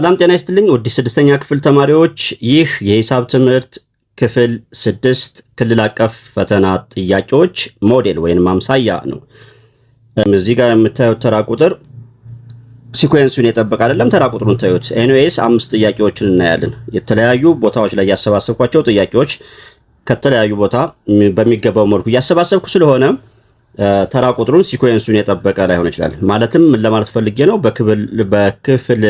ሰላም ጤና ይስጥልኝ ውድ ስድስተኛ ክፍል ተማሪዎች፣ ይህ የሂሳብ ትምህርት ክፍል ስድስት ክልል አቀፍ ፈተና ጥያቄዎች ሞዴል ወይም ማምሳያ ነው። እዚህ ጋር የምታዩት ተራ ቁጥር ሲኮንሱን የጠበቀ አይደለም። ተራ ቁጥሩን ታዩት። ኤንኤስ አምስት ጥያቄዎችን እናያለን። የተለያዩ ቦታዎች ላይ ያሰባሰብኳቸው ጥያቄዎች ከተለያዩ ቦታ በሚገባው መልኩ እያሰባሰብኩ ስለሆነ ተራ ቁጥሩን ሲኮንሱን የጠበቀ ላይሆን ይችላል። ማለትም ለማለት ፈልጌ ነው? በክፍል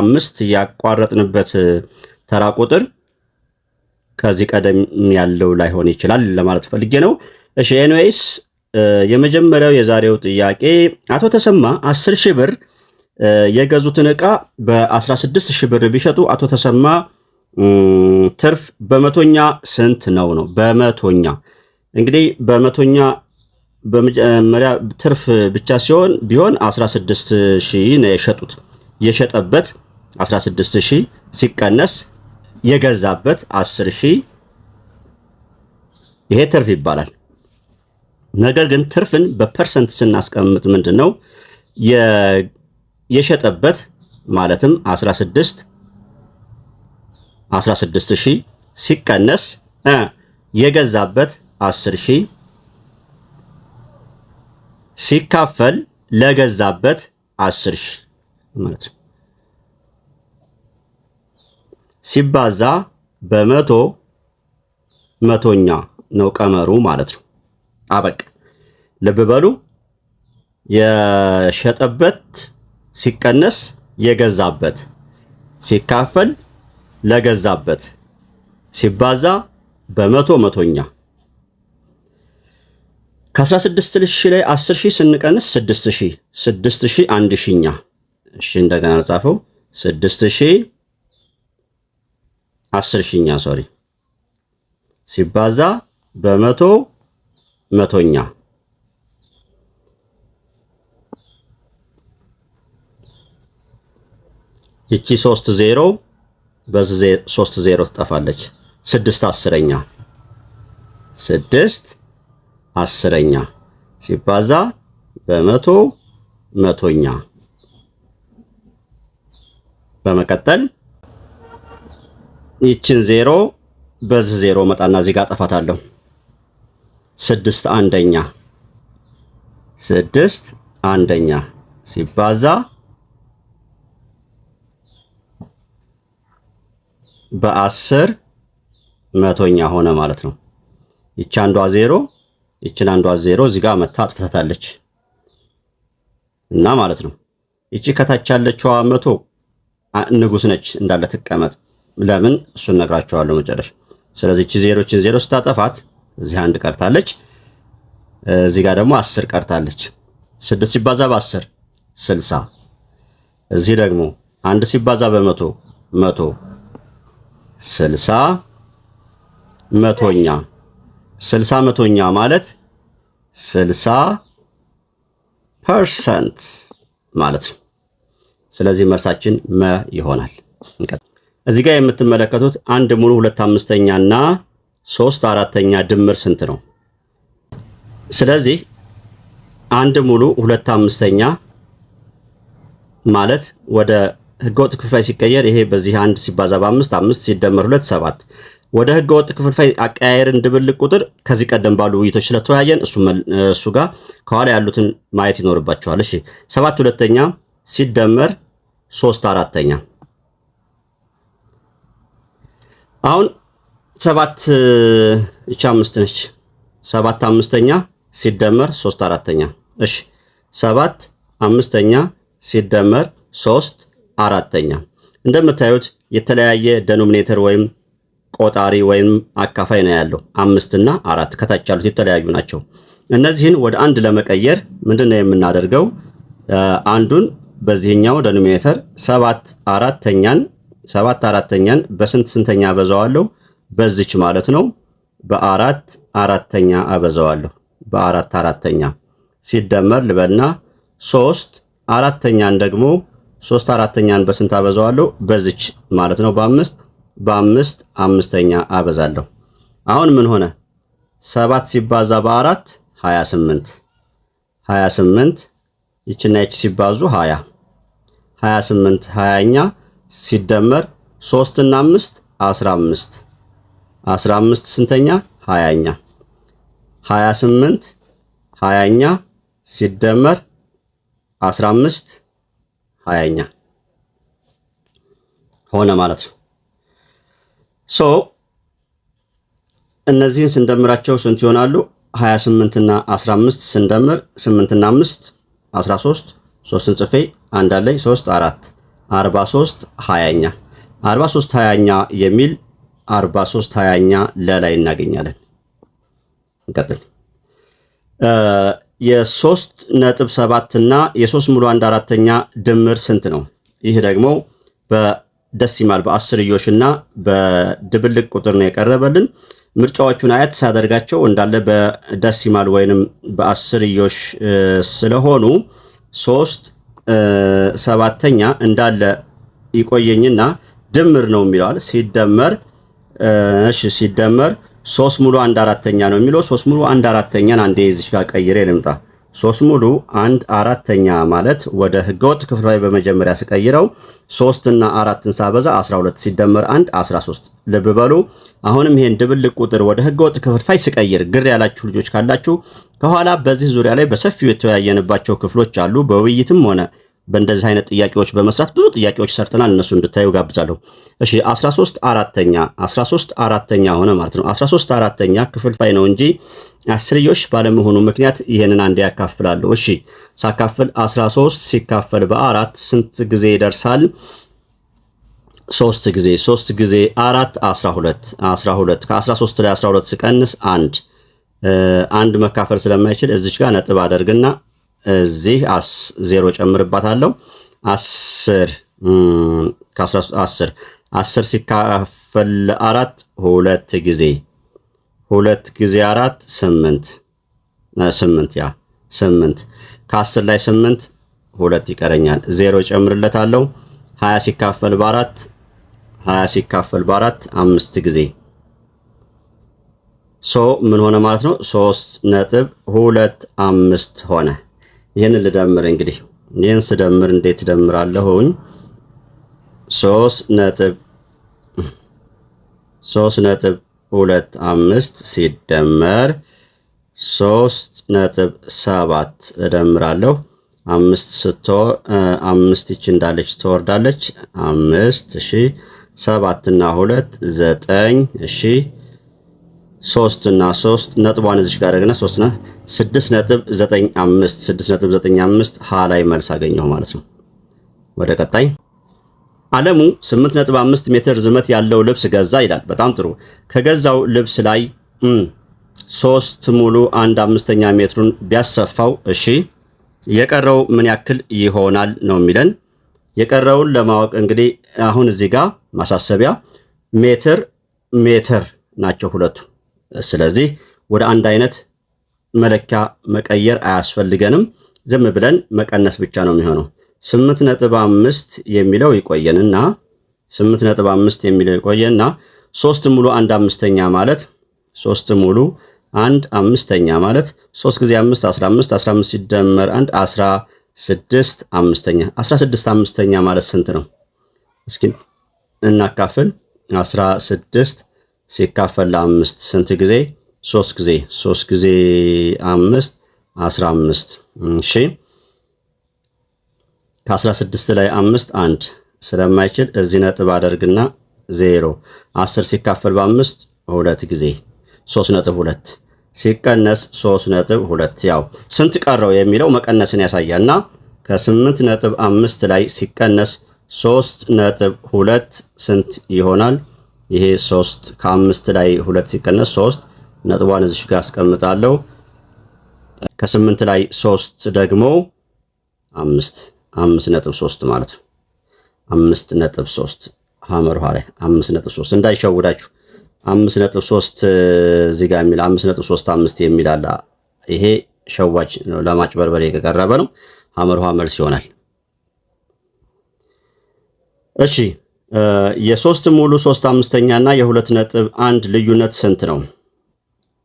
አምስት ያቋረጥንበት ተራ ቁጥር ከዚህ ቀደም ያለው ላይሆን ይችላል ለማለት ፈልጌ ነው። እሺ ኤንዌይስ የመጀመሪያው የዛሬው ጥያቄ አቶ ተሰማ 10 ሺህ ብር የገዙትን ዕቃ በ16 ሺህ ብር ቢሸጡ አቶ ተሰማ ትርፍ በመቶኛ ስንት ነው ነው በመቶኛ እንግዲህ በመቶኛ በመጀመሪያ ትርፍ ብቻ ሲሆን ቢሆን 16 ሺህ ነው የሸጡት። የሸጠበት 16 ሺህ ሲቀነስ የገዛበት 10 ሺህ ይሄ ትርፍ ይባላል። ነገር ግን ትርፍን በፐርሰንት ስናስቀምጥ ምንድን ነው የሸጠበት ማለትም 16 16 ሺህ ሲቀነስ የገዛበት 10 ሺህ ሲካፈል ለገዛበት አስር ማለት ነው። ሲባዛ በመቶ መቶኛ ነው ቀመሩ ማለት ነው። አበቅ ልብ በሉ የሸጠበት ሲቀነስ የገዛበት ሲካፈል ለገዛበት ሲባዛ በመቶ መቶኛ ከ16000 ላይ 10000 ስንቀንስ 6000 6000 አንድ ሺኛ። እሺ እንደገና ጻፈው 6000 10 ሺኛ ሶሪ ሲባዛ በመቶ መቶኛ ይቺ ሶስት ዜሮ በዚህ ሶስት ዜሮ ትጠፋለች። ስድስት አስረኛ ስድስት አስረኛ ሲባዛ በመቶ መቶኛ። በመቀጠል ይችን ዜሮ በዚህ ዜሮ መጣና እዚህ ጋር ጠፋታለሁ። ስድስት አንደኛ ስድስት አንደኛ ሲባዛ በአስር መቶኛ ሆነ ማለት ነው። ይቺ አንዷ ዜሮ ይችን አንዷ ዜሮ እዚህ ጋር መታ አጥፍታታለች እና ማለት ነው። ይቺ ከታች ያለችዋ መቶ ንጉስ ነች እንዳለ ትቀመጥ። ለምን እሱን ነግራችኋለሁ መጨረሻ። ስለዚህ ይቺ ዜሮችን ዜሮ ስታጠፋት እዚህ አንድ ቀርታለች፣ እዚህ ጋር ደግሞ አስር ቀርታለች። ስድስት ሲባዛ በአስር ስልሳ እዚህ ደግሞ አንድ ሲባዛ በመቶ መቶ ስልሳ መቶኛ ስልሳ መቶኛ ማለት ስልሳ ፐርሰንት ማለት ነው። ስለዚህ መልሳችን መ ይሆናል። እዚህ ጋር የምትመለከቱት አንድ ሙሉ ሁለት አምስተኛ እና ሶስት አራተኛ ድምር ስንት ነው? ስለዚህ አንድ ሙሉ ሁለት አምስተኛ ማለት ወደ ህገወጥ ክፍል ሲቀየር ይሄ በዚህ አንድ ሲባዛ በአምስት አምስት ሲደመር ሁለት ሰባት ወደ ህገ ወጥ ክፍልፋይ አቀያየርን ድብልቅ ቁጥር ከዚህ ቀደም ባሉ ውይይቶች ስለተወያየን እሱ ጋር ከኋላ ያሉትን ማየት ይኖርባቸዋል። እሺ ሰባት ሁለተኛ ሲደመር ሶስት አራተኛ። አሁን ሰባት እቺ አምስት ነች። ሰባት አምስተኛ ሲደመር ሶስት አራተኛ። እሺ ሰባት አምስተኛ ሲደመር ሶስት አራተኛ። እንደምታዩት የተለያየ ደኖሚኔተር ወይም ቆጣሪ ወይም አካፋይ ነው ያለው። አምስት እና አራት ከታች ያሉት የተለያዩ ናቸው። እነዚህን ወደ አንድ ለመቀየር ምንድን ነው የምናደርገው? አንዱን በዚህኛው ደኖሚኔተር ሰባት አራተኛን ሰባት አራተኛን በስንት ስንተኛ አበዛዋለሁ? በዚች ማለት ነው በአራት አራተኛ አበዛዋለሁ። በአራት አራተኛ ሲደመር ልበና ሶስት አራተኛን ደግሞ ሶስት አራተኛን በስንት አበዛዋለሁ? በዚች ማለት ነው በአምስት በአምስት አምስተኛ አበዛለሁ። አሁን ምን ሆነ? ሰባት ሲባዛ በአራት 28 28 ይችና ይች ሲባዙ 20 28 20ኛ ሲደመር 3 እና 5 15 15 ስንተኛ 20ኛ 28 20ኛ ሲደመር 15 20ኛ ሆነ ማለት ነው። ሶ እነዚህን ስንደምራቸው ስንት ይሆናሉ? 28 እና 15 ስንደምር 8 እና 5 13 ሶስትን ጽፌ አንድ አለኝ 3 4 43 20ኛ 43 20ኛ የሚል 43 20ኛ ለላይ እናገኛለን። እንቀጥል። የሶስት ነጥብ ሰባት እና የሶስት ሙሉ አንድ አራተኛ ድምር ስንት ነው? ይህ ደግሞ በ ደስ ይማል። በአስርዮሽና በድብልቅ ቁጥር ነው የቀረበልን። ምርጫዎቹን አያት ሳደርጋቸው እንዳለ ይማል ወይንም በአስርዮሽ ስለሆኑ ሶስት ሰባተኛ እንዳለ ይቆየኝና ድምር ነው የሚለዋል። ሲደመር እሺ ሲደመር ሶስት ሙሉ አንድ አራተኛ ነው የሚለው ሶስት ሙሉ አንድ አራተኛን አንዴ ይዝሽ ጋር ቀይሬ ልምጣ ሶስት ሙሉ አንድ አራተኛ ማለት ወደ ህገወጥ ክፍልፋይ በመጀመሪያ ስቀይረው ሶስት እና አራትን ሳበዛ 12 ሲደመር አንድ 13። ልብ በሉ አሁንም ይሄን ድብልቅ ቁጥር ወደ ህገወጥ ክፍልፋይ ስቀይር ግር ያላችሁ ልጆች ካላችሁ ከኋላ በዚህ ዙሪያ ላይ በሰፊው የተወያየንባቸው ክፍሎች አሉ። በውይይትም ሆነ በእንደዚህ አይነት ጥያቄዎች በመስራት ብዙ ጥያቄዎች ሰርተናል። እነሱ እንድታዩ ጋብዛለሁ። እሺ 13 አራተኛ 13 አራተኛ ሆነ ማለት ነው። 13 አራተኛ ክፍልፋይ ነው እንጂ አስርዮሽ ባለመሆኑ ምክንያት ይህንን አንድ ያካፍላለሁ። እሺ ሳካፍል 13 ሲካፈል በአራት ስንት ጊዜ ይደርሳል? ሶስት ጊዜ ሶስት ጊዜ አራት 12 12 ከ13 ላይ 12 ስቀንስ አንድ አንድ መካፈል ስለማይችል እዚች ጋር ነጥብ አደርግና እዚህ ዜሮ ጨምርባታለሁ። አስር ከአስር አስር ሲካፈል አራት ሁለት ጊዜ ሁለት ጊዜ አራት ስምንት ስምንት ያ ስምንት ከአስር ላይ ስምንት ሁለት ይቀረኛል። ዜሮ ጨምርለታለሁ። ሀያ ሲካፈል በአራት ሀያ ሲካፈል በአራት አምስት ጊዜ ሶ ምን ሆነ ማለት ነው? ሶስት ነጥብ ሁለት አምስት ሆነ። ይህንን ልደምር እንግዲህ ይህን ስደምር እንዴት እደምራለሁኝ? ሶስት ነጥብ ሶስት ነጥብ ሁለት አምስት ሲደመር ሶስት ነጥብ ሰባት እደምራለሁ። አምስት ስቶ አምስት ይች እንዳለች ትወርዳለች። አምስት እሺ ሰባት እና ሁለት ዘጠኝ እሺ ሶስት እና ሶስት ነጥቧን እዚች ጋር ደግነ ሶስት ና ስድስት ነጥብ ዘጠኝ አምስት ስድስት ነጥብ ዘጠኝ አምስት ሀ ላይ መልስ አገኘሁ ማለት ነው። ወደ ቀጣይ አለሙ ስምንት ነጥብ አምስት ሜትር ዝመት ያለው ልብስ ገዛ ይላል። በጣም ጥሩ። ከገዛው ልብስ ላይ ሶስት ሙሉ አንድ አምስተኛ ሜትሩን ቢያሰፋው፣ እሺ የቀረው ምን ያክል ይሆናል ነው የሚለን። የቀረውን ለማወቅ እንግዲህ አሁን እዚህ ጋር ማሳሰቢያ ሜትር ሜትር ናቸው ሁለቱ ስለዚህ ወደ አንድ አይነት መለኪያ መቀየር አያስፈልገንም። ዝም ብለን መቀነስ ብቻ ነው የሚሆነው። ስምንት ነጥብ አምስት የሚለው ይቆየንና ስምንት ነጥብ አምስት የሚለው ይቆየንና ሶስት ሙሉ አንድ አምስተኛ ማለት ሶስት ሙሉ አንድ አምስተኛ ማለት ሶስት ጊዜ አምስት አስራ አምስት አስራ አምስት ሲደመር አንድ አስራ ስድስት አምስተኛ አስራ ስድስት አምስተኛ ማለት ስንት ነው? እስኪ እናካፍል አስራ ስድስት ሲካፈል ለአምስት ስንት ጊዜ? ሶስት ጊዜ። ሶስት ጊዜ አምስት አስራ አምስት እሺ ከአስራ ስድስት ላይ አምስት አንድ ስለማይችል እዚህ ነጥብ አደርግና ዜሮ። አስር ሲካፈል በአምስት ሁለት ጊዜ ሶስት ነጥብ ሁለት ሲቀነስ ሶስት ነጥብ ሁለት ያው ስንት ቀረው የሚለው መቀነስን ያሳያል እና ከስምንት ነጥብ አምስት ላይ ሲቀነስ ሶስት ነጥብ ሁለት ስንት ይሆናል? ይሄ ሶስት ከአምስት ላይ ሁለት ሲቀነስ ሶስት ነጥቧን እዚሽ ጋር አስቀምጣለሁ። ከስምንት ላይ ሶስት ደግሞ አምስት አምስት ነጥብ ሶስት ማለት ነው። አምስት ነጥብ ሶስት ሀመር ኋ ላይ አምስት ነጥብ ሶስት እንዳይሸውዳችሁ። አምስት ነጥብ ሶስት እዚህ ጋር የሚል አምስት ነጥብ ሶስት አምስት የሚል አለ። ይሄ ሸዋጅ ለማጭበርበር የቀረበ ነው። ሀመር ውሃ መልስ ይሆናል። እሺ የሶስት ሙሉ ሶስት አምስተኛ እና የሁለት ነጥብ አንድ ልዩነት ስንት ነው?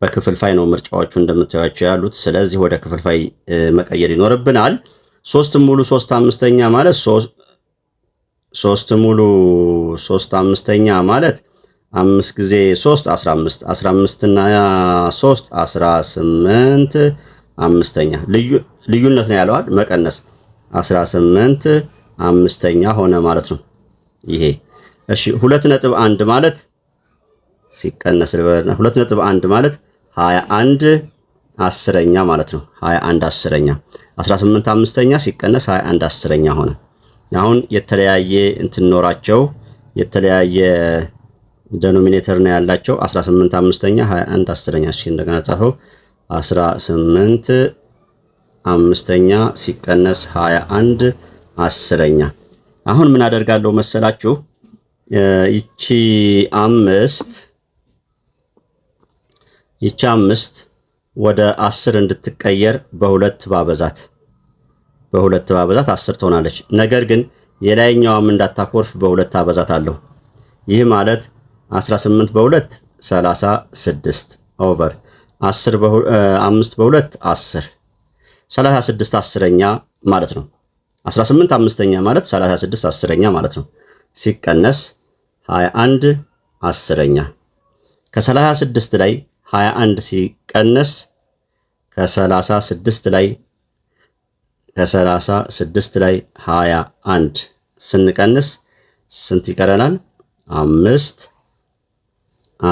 በክፍልፋይ ነው ምርጫዎቹ እንደምታያቸው ያሉት። ስለዚህ ወደ ክፍልፋይ መቀየር ይኖርብናል። ሶስት ሙሉ ሶስት አምስተኛ ማለት ሶስት ሙሉ ሶስት አምስተኛ ማለት አምስት ጊዜ ሶስት አስራ አምስት አስራ አምስት እና ሶስት አስራ ስምንት አምስተኛ ልዩነት ነው ያለዋል። መቀነስ አስራ ስምንት አምስተኛ ሆነ ማለት ነው። ይሄ እሺ፣ ሁለት ነጥብ አንድ ማለት ሲቀነስ ሁለት ነጥብ አንድ ማለት ሀያ አንድ አስረኛ ማለት ነው። ሀያ አንድ አስረኛ አስራ ስምንት አምስተኛ ሲቀነስ ሀያ አንድ አስረኛ ሆነ። አሁን የተለያየ እንትን ኖራቸው የተለያየ ደኖሚኔተር ነው ያላቸው። 18 አምስተኛ 21 አስረኛ። እሺ እንደገና ጻፈው 18 አምስተኛ ሲቀነስ 21 አስረኛ አሁን ምን አደርጋለሁ መሰላችሁ? ይቺ አምስት ይቺ አምስት ወደ አስር እንድትቀየር በሁለት ባበዛት በሁለት ባበዛት አስር ትሆናለች። ነገር ግን የላይኛዋም እንዳታኮርፍ በሁለት አበዛት አለሁ። ይህ ማለት 18 በሁለት 36 ኦቨር 10 በ አምስት በሁለት 10 36 አስረኛ ማለት ነው። 18 አምስተኛ ማለት 36 አስረኛ ማለት ነው። ሲቀነስ 21 አስረኛ ከ36 ላይ 21 ሲቀነስ ከ36 ላይ ከ36 ላይ 21 ስንቀንስ ስንት ይቀረናል? አምስት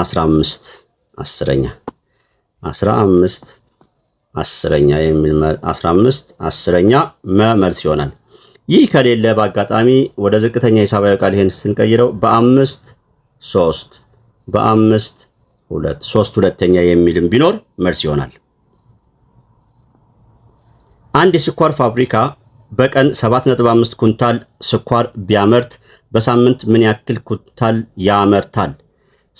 15 አስረኛ 15 አስረኛ የሚል አስራ አምስት አስረኛ መ መልስ ይሆናል። ይህ ከሌለ በአጋጣሚ ወደ ዝቅተኛ ሂሳባዊ ቃል ይህን ስንቀይረው በአምስት ሶስት በአምስት ሁለት ሶስት ሁለተኛ የሚልም ቢኖር መልስ ይሆናል። አንድ የስኳር ፋብሪካ በቀን 7.5 ኩንታል ስኳር ቢያመርት በሳምንት ምን ያክል ኩንታል ያመርታል?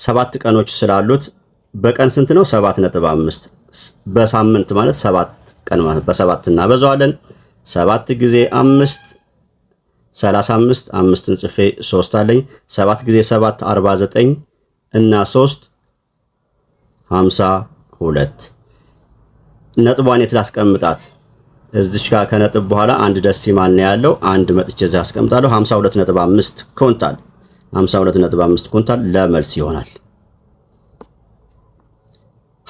ሰባት ቀኖች ስላሉት በቀን ስንት ነው? ሰባት ነጥብ አምስት በሳምንት ማለት ሰባት ቀን ማለት በሰባት እናበዛዋለን። ሰባት ጊዜ አምስት ሰላሳ አምስት አምስትን ጽፌ ሶስት አለኝ። ሰባት ጊዜ ሰባት አርባ ዘጠኝ እና ሶስት ሀምሳ ሁለት ነጥቧን የት ላስቀምጣት? እዚች ጋር ከነጥብ በኋላ አንድ ደስ ነው ያለው። አንድ መጥቼ እዚህ አስቀምጣለሁ። 52.5 ኩንታል 52.5 ኩንታል ለመልስ ይሆናል።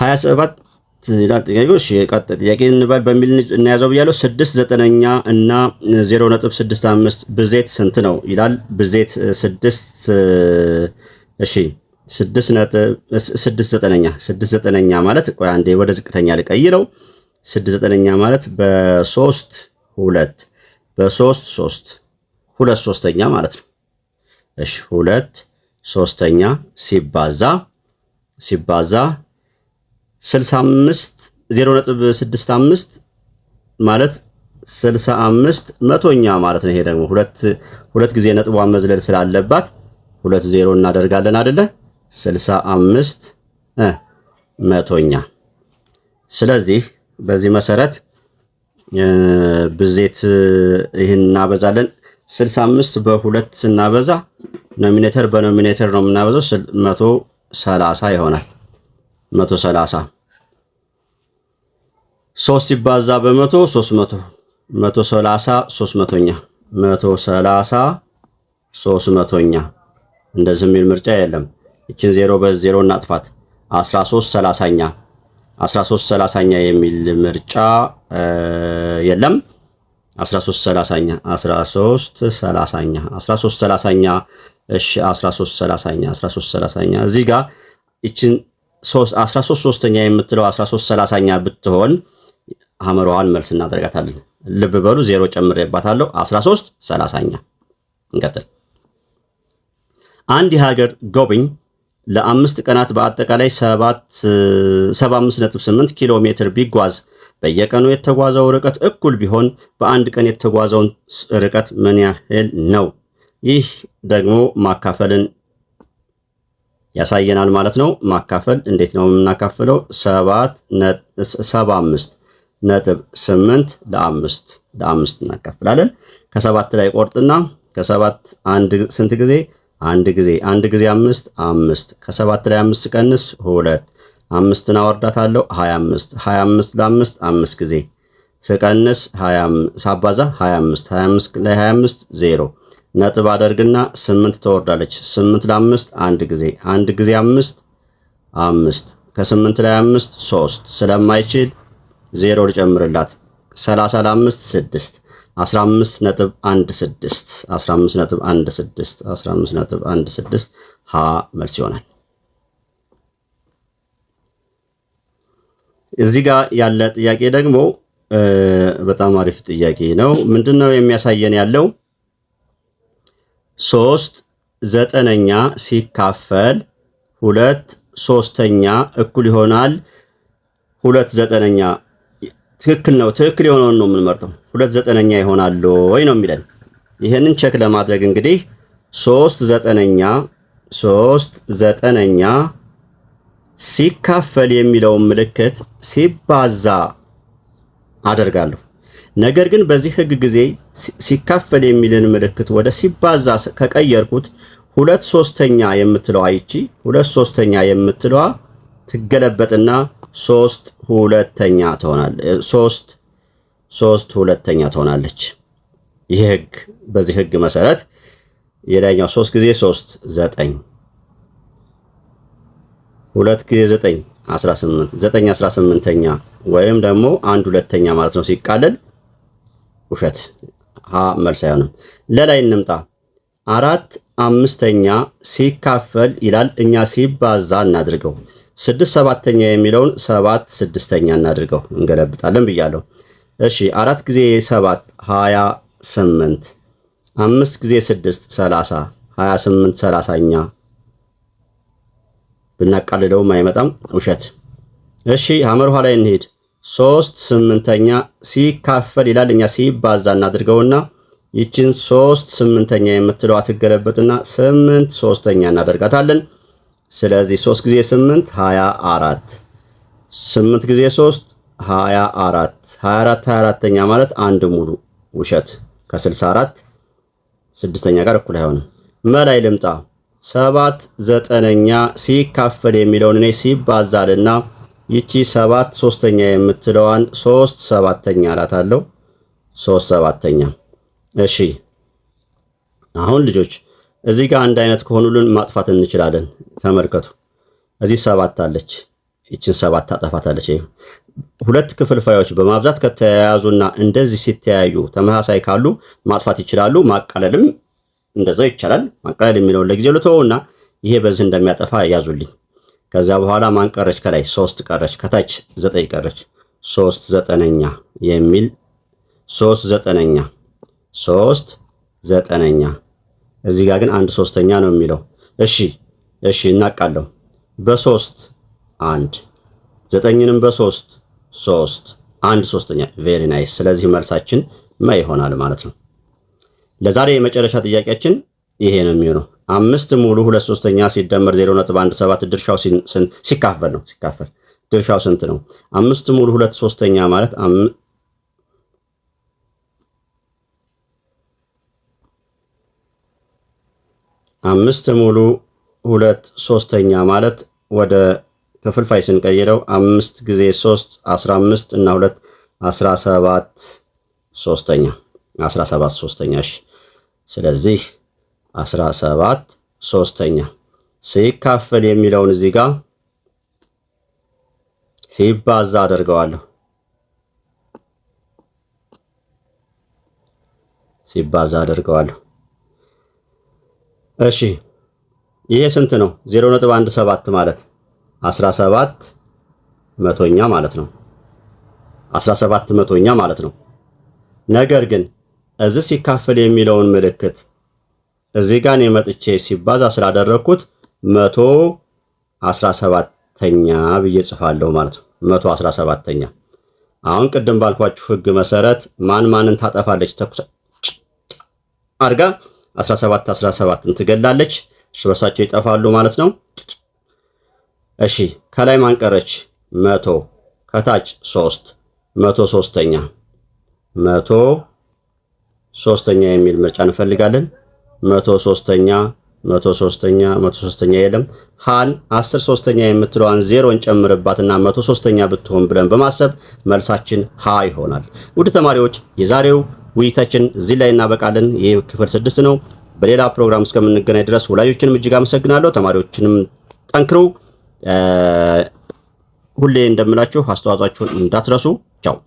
ሀያ ሰባት ይላል ጥያቄው። እሺ ቀጥ ጥያቄ እንበል በሚል እናያዘው ብያለሁ። ስድስት ዘጠነኛ እና ዜሮ ነጥብ ብዜት ስንት ነው ይላል። ብዜት 6 እሺ ስድስት ነጥብ ስድስት ዘጠነኛ ዘጠነኛ ማለት ቆይ አንዴ ወደ ዝቅተኛ ልቀይረው። ስድስት ዘጠነኛ ማለት 2 በ3 3 ሁለት ሶስተኛ ማለት ነው። እሺ ሁለት ሶስተኛ ሲባዛ ሲባዛ 65 0.65 ማለት 65 መቶኛ ማለት ነው። ይሄ ደግሞ ሁለት ሁለት ጊዜ ነጥቧን መዝለል ስላለባት ሁለት ዜሮ እናደርጋለን አይደለ? 65 መቶኛ። ስለዚህ በዚህ መሰረት ብዜት ይህን እናበዛለን። 65 በሁለት ስናበዛ ኖሚኔተር በኖሚኔተር ነው የምናበዛው፣ መቶ ሰላሳ ይሆናል። መቶ ሰላሳ ሶስት ሲባዛ በመቶ ሶስት መቶ መቶ ሰላሳ ሶስት መቶኛ መቶ ሰላሳ ሶስት መቶኛ እንደዚህ የሚል ምርጫ የለም። ይችን ዜሮ በዜሮ እናጥፋት። አስራ ሶስት ሰላሳኛ አስራ ሶስት ሰላሳኛ የሚል ምርጫ የለም። አስራ ሶስት ሰላሳኛ አስራ ሶስት ሰላሳኛ አስራ ሶስት ሰላሳኛ እሺ፣ አስራ ሶስት ሰላሳኛ አስራ ሶስት ሰላሳኛ እዚህ ጋር ይችን 13 ሶስተኛ የምትለው 13 ሰላሳኛ ብትሆን ሀመሯዋን መልስ እናደርጋታለን። ልብ በሉ ዜሮ ጨምሬባታለሁ። 13 ሰላሳኛ። እንቀጥል። አንድ የሀገር ጎብኝ ለአምስት ቀናት በአጠቃላይ 758 ኪሎ ሜትር ቢጓዝ በየቀኑ የተጓዘው ርቀት እኩል ቢሆን በአንድ ቀን የተጓዘውን ርቀት ምን ያህል ነው? ይህ ደግሞ ማካፈልን ያሳየናል ማለት ነው። ማካፈል እንዴት ነው የምናካፍለው? ሰባ አምስት ነጥብ ስምንት ለአምስት ለአምስት እናካፍላለን። ከሰባት ላይ ቆርጥና ከሰባት አንድ ስንት ጊዜ? አንድ ጊዜ አንድ ጊዜ አምስት አምስት ከሰባት ላይ አምስት ቀንስ ሁለት አምስትን አወርዳታለሁ ሀያ አምስት ሀያ አምስት ለአምስት አምስት ጊዜ ስቀንስ ሳባዛ ሀያ አምስት ሀያ አምስት ላይ ሀያ አምስት ዜሮ ነጥብ አደርግና ስምንት ተወርዳለች። ስምንት ለአምስት አንድ ጊዜ አንድ ጊዜ አምስት አምስት ከስምንት ላይ አምስት ሶስት ስለማይችል ዜሮ ልጨምርላት። ሰላሳ ለአምስት ስድስት አስራ አምስት ነጥብ አንድ ስድስት አስራ አምስት ነጥብ አንድ ስድስት አስራ አምስት ነጥብ አንድ ስድስት ሀ መልስ ይሆናል። እዚህ ጋር ያለ ጥያቄ ደግሞ በጣም አሪፍ ጥያቄ ነው። ምንድን ነው የሚያሳየን ያለው ሶስት ዘጠነኛ ሲካፈል ሁለት ሶስተኛ እኩል ይሆናል ሁለት ዘጠነኛ። ትክክል ነው። ትክክል የሆነውን ነው የምንመርጠው። ሁለት ዘጠነኛ ይሆናል ወይ ነው የሚለን። ይህንን ቸክ ለማድረግ እንግዲህ ሶስት ዘጠነኛ ሶስት ዘጠነኛ ሲካፈል የሚለውን ምልክት ሲባዛ አደርጋለሁ። ነገር ግን በዚህ ህግ ጊዜ ሲካፈል የሚልን ምልክት ወደ ሲባዛ ከቀየርኩት ሁለት ሶስተኛ የምትለዋ ይቺ ሁለት ሶስተኛ የምትለዋ ትገለበጥና ሶስት ሁለተኛ ትሆናለች። ሶስት ሶስት ሁለተኛ ትሆናለች። ይህ ህግ በዚህ ህግ መሰረት የላይኛው ሶስት ጊዜ ሶስት ዘጠኝ ሁለት ጊዜ ዘጠኝ አስራ ስምንት ዘጠኝ አስራ ስምንተኛ ወይም ደግሞ አንድ ሁለተኛ ማለት ነው ሲቃለል ውሸት። ሀ መልስ አይሆንም። ለላይ እንምጣ። አራት አምስተኛ ሲካፈል ይላል እኛ ሲባዛ እናድርገው። ስድስት ሰባተኛ የሚለውን ሰባት ስድስተኛ እናድርገው። እንገለብጣለን ብያለሁ። እሺ አራት ጊዜ ሰባት ሀያ ስምንት አምስት ጊዜ ስድስት ሰላሳ ሀያ ስምንት ሰላሳኛ ብናቃልለውም አይመጣም። ውሸት። እሺ ሐመር ውሃ ላይ እንሄድ ሶስት ስምንተኛ ሲካፈል ይላል። እኛ ሲባዛ እናድርገውና ይችን ሶስት ስምንተኛ የምትለው አትገለበጥና ስምንት ሶስተኛ እናደርጋታለን። ስለዚህ ሶስት ጊዜ ስምንት ሀያ አራት ስምንት ጊዜ ሶስት ሀያ አራት ሀያ አራት ሀያ አራተኛ ማለት አንድ ሙሉ ውሸት ከስልሳ አራት ስድስተኛ ጋር እኩል አይሆንም። መላይ ልምጣ ሰባት ዘጠነኛ ሲካፈል የሚለውን እኔ ሲባዛልና ይቺ ሰባት ሶስተኛ የምትለዋን ሶስት ሰባተኛ እላታለሁ። ሶስት ሰባተኛ። እሺ አሁን ልጆች እዚህ ጋር አንድ አይነት ከሆኑልን ማጥፋት እንችላለን። ተመልከቱ፣ እዚህ ሰባት አለች። ይችን ሰባት ታጠፋታለች። ሁለት ክፍልፋዮች በማብዛት ከተያያዙና እንደዚህ ሲተያዩ ተመሳሳይ ካሉ ማጥፋት ይችላሉ። ማቃለልም እንደዛው ይቻላል። ማቃለል የሚለውን ለጊዜው ልተወውና ይሄ በዚህ እንደሚያጠፋ ያዙልኝ። ከዛ በኋላ ማን ቀረች? ከላይ ሶስት ቀረች፣ ከታች ዘጠኝ ቀረች። ሶስት ዘጠነኛ የሚል ሶስት ዘጠነኛ ሶስት ዘጠነኛ። እዚህ ጋር ግን አንድ ሶስተኛ ነው የሚለው። እሺ እሺ፣ እናቃለሁ በሶስት አንድ ዘጠኝንም በሶስት ሶስት አንድ ሶስተኛ። ቬሪ ናይስ። ስለዚህ መልሳችን ማ ይሆናል ማለት ነው። ለዛሬ የመጨረሻ ጥያቄያችን ይሄ ነው የሚሆነው። አምስት ሙሉ ሁለት ሶስተኛ ሲደመር ዜሮ ነጥብ አንድ ሰባት ድርሻው ሲካፈል ነው። ሲካፈል ድርሻው ስንት ነው? አምስት ሙሉ ሁለት ሶስተኛ ማለት አምስት ሙሉ ሁለት ሶስተኛ ማለት ወደ ክፍልፋይ ስንቀይረው አምስት ጊዜ ሶስት አስራ አምስት እና ሁለት አስራ ሰባት ሶስተኛ አስራ ሰባት ሶስተኛ። ስለዚህ 17 ሶስተኛ ሲካፈል የሚለውን እዚህ ጋር ሲባዛ አደርገዋለሁ። ሲባዛ አደርገዋለሁ። እሺ ይሄ ስንት ነው? 0.17 ማለት 17 መቶኛ ማለት ነው። 17 መቶኛ ማለት ነው። ነገር ግን እዚህ ሲካፈል የሚለውን ምልክት እዚህ ጋር እኔ መጥቼ ሲባዛ ስላደረግኩት መቶ አስራ ሰባተኛ ብዬ ጽፋለሁ ማለት ነው። መቶ አስራ ሰባተኛ አሁን ቅድም ባልኳችሁ ህግ መሰረት ማን ማንን ታጠፋለች? ተኩስ አድርጋ 17 17 ትገላለች። እርስ በርሳቸው ይጠፋሉ ማለት ነው። እሺ ከላይ ማንቀረች መቶ ከታች ሶስት መቶ ሶስተኛ መቶ ሶስተኛ የሚል ምርጫ እንፈልጋለን። መቶ ሶስተኛ መቶ ሶስተኛ መቶ ሶስተኛ የለም ሃን አስር ሶስተኛ የምትለዋን ዜሮን ጨምርባትና መቶ ሶስተኛ ብትሆን ብለን በማሰብ መልሳችን ሀ ይሆናል። ውድ ተማሪዎች የዛሬው ውይይታችን እዚህ ላይ እናበቃለን። ይህ ክፍል ስድስት ነው። በሌላ ፕሮግራም እስከምንገናኝ ድረስ ወላጆችንም እጅግ አመሰግናለሁ። ተማሪዎችንም ጠንክሩ። ሁሌ እንደምላችሁ አስተዋጽኦአችሁን እንዳትረሱ። ቻው